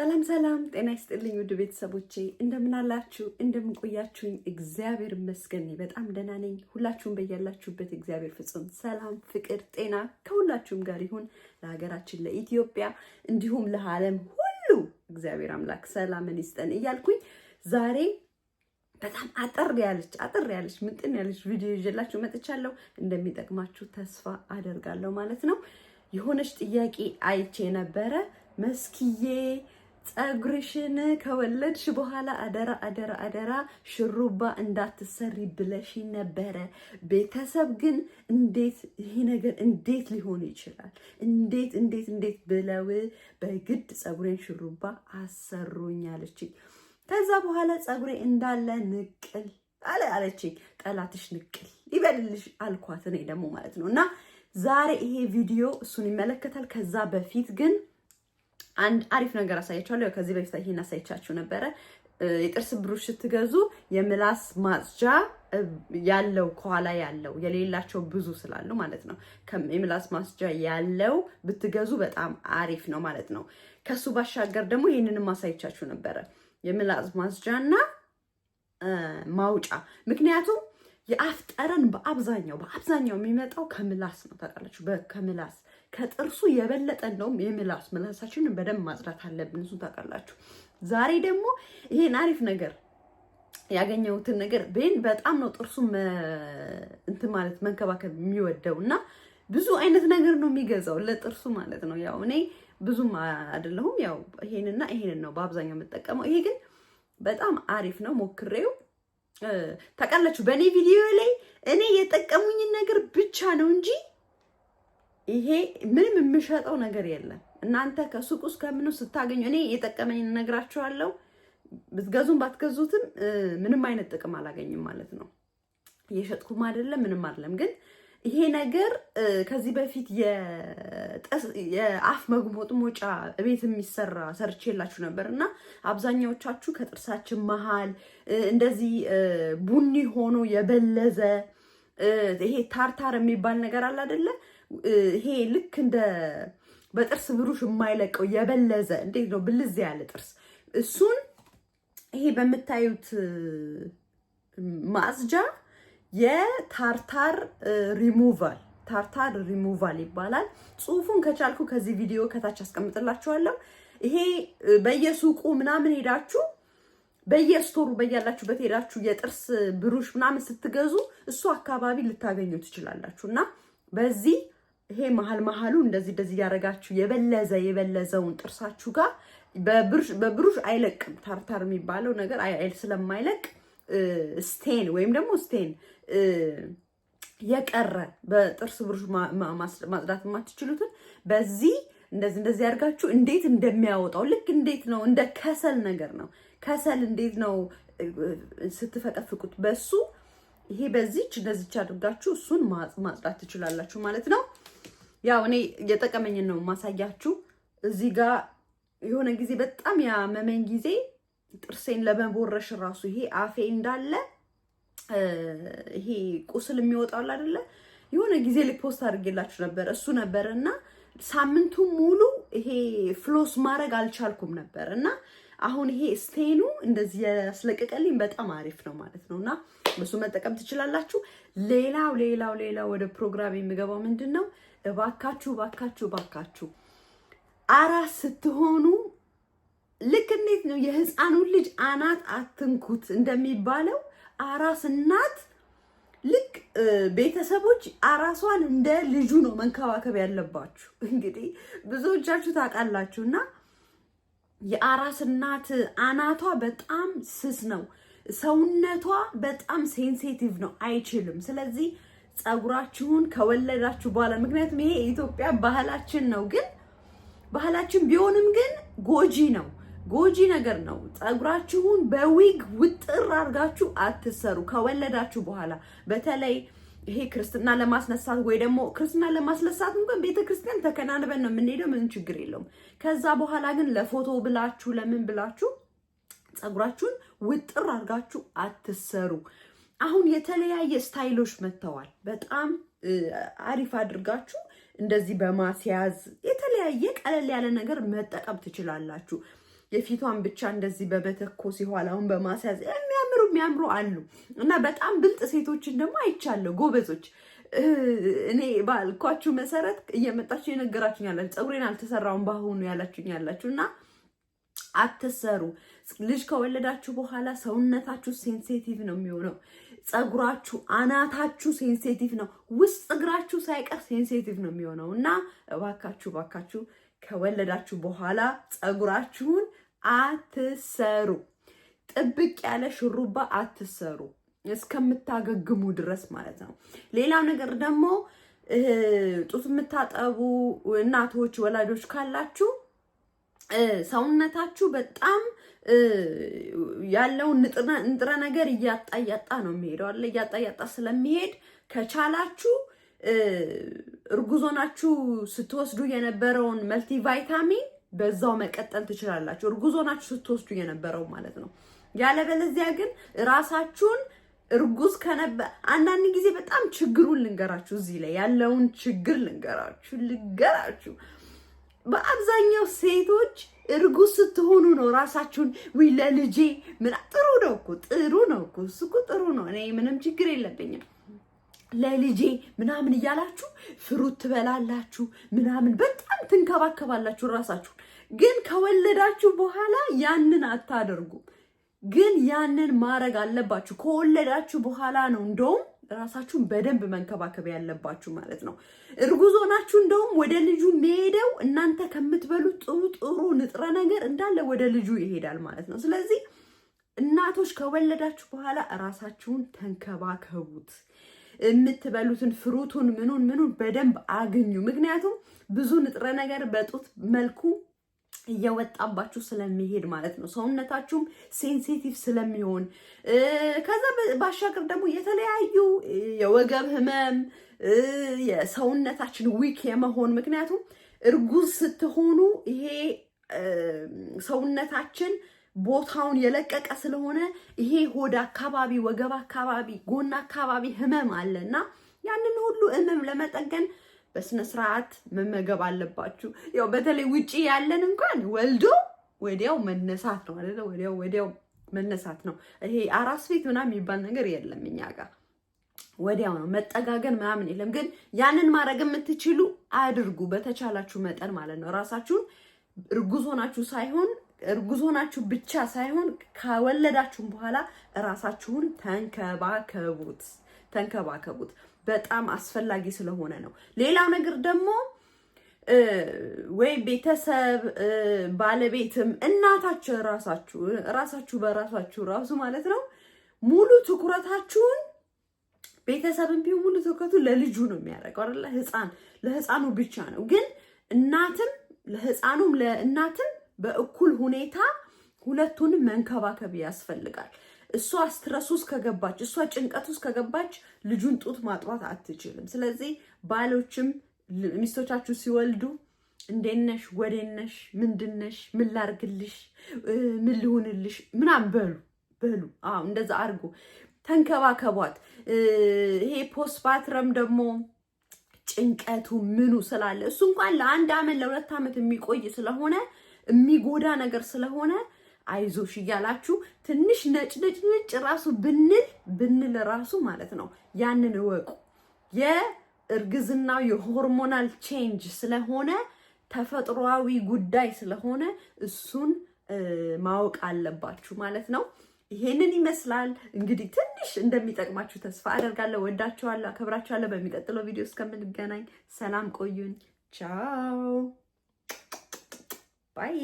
ሰላም ሰላም፣ ጤና ይስጥልኝ ውድ ቤተሰቦቼ፣ እንደምናላችሁ እንደምንቆያችሁኝ፣ እግዚአብሔር ይመስገን በጣም ደህና ነኝ። ሁላችሁም በያላችሁበት እግዚአብሔር ፍጹም ሰላም፣ ፍቅር፣ ጤና ከሁላችሁም ጋር ይሁን። ለሀገራችን ለኢትዮጵያ እንዲሁም ለዓለም ሁሉ እግዚአብሔር አምላክ ሰላምን ይስጠን እያልኩኝ ዛሬ በጣም አጠር ያለች አጠር ያለች ምጥን ያለች ቪዲዮ ይዤላችሁ መጥቻለሁ። እንደሚጠቅማችሁ ተስፋ አደርጋለሁ ማለት ነው። የሆነች ጥያቄ አይቼ ነበረ መስኪዬ ፀጉርሽን ከወለድሽ በኋላ አደራ አደራ አደራ ሽሩባ እንዳትሰሪ ብለሽ ነበረ። ቤተሰብ ግን እንዴት ይሄ ነገር እንዴት ሊሆን ይችላል? እንዴት እንዴት እንዴት ብለው በግድ ጸጉሬን ሽሩባ አሰሩኛለችኝ። ከዛ በኋላ ጸጉሬ እንዳለ ንቅል አለ አለችኝ። ጠላትሽ ንቅል ይበልልሽ አልኳት። እኔ ደግሞ ማለት ነው እና ዛሬ ይሄ ቪዲዮ እሱን ይመለከታል። ከዛ በፊት ግን አንድ አሪፍ ነገር አሳያችኋለሁ። ከዚህ በፊት ይሄን አሳይቻችሁ ነበረ። የጥርስ ብሩሽ ስትገዙ የምላስ ማጽጃ ያለው ከኋላ ያለው የሌላቸው ብዙ ስላሉ ማለት ነው። የምላስ ማጽጃ ያለው ብትገዙ በጣም አሪፍ ነው ማለት ነው። ከሱ ባሻገር ደግሞ ይህንንም አሳይቻችሁ ነበረ፣ የምላስ ማጽጃ እና ማውጫ። ምክንያቱም የአፍ ጠረን በአብዛኛው በአብዛኛው የሚመጣው ከምላስ ነው ታውቃላችሁ፣ ከምላስ ከጥርሱ የበለጠ እንደውም የምላስ ምላሳችንን በደንብ ማጽዳት አለብን። እሱን ታውቃላችሁ። ዛሬ ደግሞ ይሄን አሪፍ ነገር ያገኘሁትን ነገር ቤን በጣም ነው ጥርሱ እንትን ማለት መንከባከብ የሚወደው እና ብዙ አይነት ነገር ነው የሚገዛው ለጥርሱ ማለት ነው። ያው እኔ ብዙም አይደለሁም። ያው ይሄንና ይሄንን ነው በአብዛኛው የምጠቀመው። ይሄ ግን በጣም አሪፍ ነው፣ ሞክሬው ታውቃላችሁ። በእኔ ቪዲዮ ላይ እኔ የጠቀሙኝን ነገር ብቻ ነው እንጂ ይሄ ምንም የምሸጠው ነገር የለም። እናንተ ከሱቅ ውስጥ ከምኑ ስታገኙ እኔ የጠቀመኝ እነግራችኋለሁ። ብትገዙም ባትገዙትም ምንም አይነት ጥቅም አላገኝም ማለት ነው። እየሸጥኩም አይደለም ምንም አይደለም። ግን ይሄ ነገር ከዚህ በፊት የአፍ ሞጫ ቤት የሚሰራ ሰርች የላችሁ ነበር እና አብዛኛዎቻችሁ ከጥርሳችን መሀል እንደዚህ ቡኒ ሆኖ የበለዘ ይሄ ታርታር የሚባል ነገር አለ ይሄ ልክ እንደ በጥርስ ብሩሽ የማይለቀው የበለዘ እንዴት ነው ብልዝ ያለ ጥርስ፣ እሱን ይሄ በምታዩት ማጽጃ የታርታር ሪሙቫል ታርታር ሪሙቫል ይባላል። ጽሁፉን ከቻልኩ ከዚህ ቪዲዮ ከታች አስቀምጥላችኋለሁ። ይሄ በየሱቁ ምናምን ሄዳችሁ በየስቶሩ በያላችሁበት ሄዳችሁ የጥርስ ብሩሽ ምናምን ስትገዙ እሱ አካባቢ ልታገኙ ትችላላችሁ እና በዚህ ይሄ መሀል መሀሉ እንደዚህ እንደዚህ እያደረጋችሁ የበለዘ የበለዘውን ጥርሳችሁ ጋር በብሩሽ አይለቅም። ታርታር የሚባለው ነገር አይል ስለማይለቅ ስቴን ወይም ደግሞ ስቴን የቀረ በጥርስ ብሩሽ ማጽዳት የማትችሉትን በዚህ እንደዚህ እንደዚህ ያርጋችሁ እንዴት እንደሚያወጣው ልክ እንዴት ነው እንደ ከሰል ነገር ነው። ከሰል እንዴት ነው ስትፈቀፍቁት፣ በሱ ይሄ በዚች እንደዚች አድርጋችሁ እሱን ማጽዳት ትችላላችሁ ማለት ነው። ያው እኔ የጠቀመኝን ነው ማሳያችሁ። እዚህ ጋር የሆነ ጊዜ በጣም ያመመኝ ጊዜ ጥርሴን ለመቦረሽ ራሱ ይሄ አፌ እንዳለ ይሄ ቁስል የሚወጣው አይደለ? የሆነ ጊዜ ሊፖስት አድርጌላችሁ ነበር። እሱ ነበር እና ሳምንቱ ሙሉ ይሄ ፍሎስ ማድረግ አልቻልኩም ነበር እና አሁን ይሄ ስቴኑ እንደዚህ ያስለቀቀልኝ በጣም አሪፍ ነው ማለት ነው። እና እሱ መጠቀም ትችላላችሁ። ሌላው ሌላው ሌላው ወደ ፕሮግራም የሚገባው ምንድን ነው እባካችሁ እባካችሁ እባካችሁ አራስ ስትሆኑ ልክ እንዴት ነው የህፃኑን ልጅ አናት አትንኩት እንደሚባለው አራስ እናት ልክ ቤተሰቦች አራሷን እንደ ልጁ ነው መንከባከብ ያለባችሁ። እንግዲህ ብዙዎቻችሁ ታውቃላችሁ እና የአራስ እናት አናቷ በጣም ስስ ነው። ሰውነቷ በጣም ሴንሴቲቭ ነው፣ አይችልም። ስለዚህ ጸጉራችሁን ከወለዳችሁ በኋላ ምክንያቱም ይሄ የኢትዮጵያ ባህላችን ነው። ግን ባህላችን ቢሆንም ግን ጎጂ ነው፣ ጎጂ ነገር ነው። ጸጉራችሁን በዊግ ውጥር አድርጋችሁ አትሰሩ ከወለዳችሁ በኋላ በተለይ ይሄ ክርስትና ለማስነሳት ወይ ደግሞ ክርስትና ለማስነሳት እንኳን ቤተ ክርስቲያን ተከናንበን ነው የምንሄደው። ምንም ችግር የለውም። ከዛ በኋላ ግን ለፎቶ ብላችሁ ለምን ብላችሁ ጸጉራችሁን ውጥር አድርጋችሁ አትሰሩ። አሁን የተለያየ ስታይሎች መጥተዋል። በጣም አሪፍ አድርጋችሁ እንደዚህ በማስያዝ የተለያየ ቀለል ያለ ነገር መጠቀም ትችላላችሁ። የፊቷን ብቻ እንደዚህ በመተኮስ የኋላውን በማስያዝ የሚያምሩ የሚያምሩ አሉ እና በጣም ብልጥ ሴቶችን ደግሞ አይቻለሁ። ጎበዞች እኔ ባልኳችሁ መሰረት እየመጣችሁ የነገራችሁ ያላችሁ ፀጉሬን አልተሰራውን በአሁኑ ያላችሁ ያላችሁ እና አትሰሩ። ልጅ ከወለዳችሁ በኋላ ሰውነታችሁ ሴንሴቲቭ ነው የሚሆነው። ፀጉራችሁ አናታችሁ ሴንሴቲቭ ነው፣ ውስጥ እግራችሁ ሳይቀር ሴንሴቲቭ ነው የሚሆነው እና እባካችሁ እባካችሁ ከወለዳችሁ በኋላ ፀጉራችሁን አትሰሩ። ጥብቅ ያለ ሽሩባ አትሰሩ እስከምታገግሙ ድረስ ማለት ነው። ሌላው ነገር ደግሞ ጡት የምታጠቡ እናቶች፣ ወላጆች ካላችሁ ሰውነታችሁ በጣም ያለውን ንጥረ ነገር እያጣ እያጣ ነው የሚሄደው አለ እያጣ እያጣ ስለሚሄድ ከቻላችሁ እርጉዞናችሁ ስትወስዱ የነበረውን መልቲቫይታሚን በዛው መቀጠል ትችላላችሁ። እርጉዞናችሁ ስትወስዱ የነበረው ማለት ነው። ያለበለዚያ ግን ራሳችሁን እርጉዝ ከነበ አንዳንድ ጊዜ በጣም ችግሩን ልንገራችሁ፣ እዚህ ላይ ያለውን ችግር ልንገራችሁ ልንገራችሁ በአብዛኛው ሴቶች እርጉዝ ስትሆኑ ነው ራሳችሁን ወይ ለልጄ ምና ጥሩ ነው እኮ ጥሩ ነው እኮ እሱ እኮ ጥሩ ነው። እኔ ምንም ችግር የለብኝም። ለልጄ ምናምን እያላችሁ ፍሩት ትበላላችሁ ምናምን በጣም ትንከባከባላችሁ ራሳችሁ። ግን ከወለዳችሁ በኋላ ያንን አታደርጉም። ግን ያንን ማድረግ አለባችሁ ከወለዳችሁ በኋላ ነው እንደውም ራሳችሁን በደንብ መንከባከብ ያለባችሁ ማለት ነው። እርጉዞ ናችሁ እንደውም ወደ ልጁ የሚሄደው እናንተ ከምትበሉት ጥሩ ጥሩ ንጥረ ነገር እንዳለ ወደ ልጁ ይሄዳል ማለት ነው። ስለዚህ እናቶች ከወለዳችሁ በኋላ ራሳችሁን ተንከባከቡት። የምትበሉትን ፍሩቱን ምኑን ምኑን በደንብ አግኙ። ምክንያቱም ብዙ ንጥረ ነገር በጡት መልኩ እየወጣባችሁ ስለሚሄድ ማለት ነው። ሰውነታችሁም ሴንሲቲቭ ስለሚሆን ከዛ ባሻገር ደግሞ የተለያዩ የወገብ ህመም፣ የሰውነታችን ዊክ የመሆን ምክንያቱም እርጉዝ ስትሆኑ ይሄ ሰውነታችን ቦታውን የለቀቀ ስለሆነ ይሄ ሆድ አካባቢ፣ ወገብ አካባቢ፣ ጎን አካባቢ ህመም አለ እና ያንን ሁሉ ህመም ለመጠገን በስነ ስርዓት መመገብ አለባችሁ። ያው በተለይ ውጪ ያለን እንኳን ወልዶ ወዲያው መነሳት ነው አይደለ? ወዲያው ወዲያው መነሳት ነው። ይሄ አራስ ቤት ምናምን የሚባል ነገር የለም እኛ ጋር ወዲያው ነው መጠጋገን ምናምን የለም። ግን ያንን ማድረግ የምትችሉ አድርጉ፣ በተቻላችሁ መጠን ማለት ነው። ራሳችሁን እርጉዝ ሆናችሁ ሳይሆን እርጉዝ ብቻ ሳይሆን ከወለዳችሁም በኋላ ራሳችሁን ተንከባከቡት። ተንከባከቡት። በጣም አስፈላጊ ስለሆነ ነው። ሌላው ነገር ደግሞ ወይ ቤተሰብ ባለቤትም እናታችሁ ራሳችሁ ራሳችሁ በራሳችሁ ራሱ ማለት ነው ሙሉ ትኩረታችሁን ቤተሰብን ቢሆን ሙሉ ትኩረቱ ለልጁ ነው የሚያደርገው አይደለ? ህፃን ለህፃኑ ብቻ ነው። ግን እናትም ለህፃኑም ለእናትም በእኩል ሁኔታ ሁለቱንም መንከባከብ ያስፈልጋል። እሷ ስትረስ ውስጥ ከገባች፣ እሷ ጭንቀት ውስጥ ከገባች ልጁን ጡት ማጥባት አትችልም። ስለዚህ ባሎችም ሚስቶቻችሁ ሲወልዱ እንዴነሽ ወዴነሽ ምንድነሽ ምን ላርግልሽ፣ ምን ልሁንልሽ ምናምን በሉ በሉ። አዎ እንደዛ አድርጉ፣ ተንከባከቧት። ይሄ ፖስትፓርተም ደግሞ ጭንቀቱ ምኑ ስላለ እሱ እንኳን ለአንድ አመት ለሁለት አመት የሚቆይ ስለሆነ የሚጎዳ ነገር ስለሆነ አይዞሽ እያላችሁ ትንሽ ነጭ ራሱ ብንል ብንል ራሱ ማለት ነው። ያንን እወቁ። የእርግዝናው የሆርሞናል ቼንጅ ስለሆነ ተፈጥሯዊ ጉዳይ ስለሆነ እሱን ማወቅ አለባችሁ ማለት ነው። ይሄንን ይመስላል እንግዲህ ትንሽ እንደሚጠቅማችሁ ተስፋ አደርጋለሁ። ወዳችኋለሁ፣ አከብራችኋለሁ። በሚቀጥለው ቪዲዮ እስከምንገናኝ ሰላም ቆዩኝ ቻው ባይ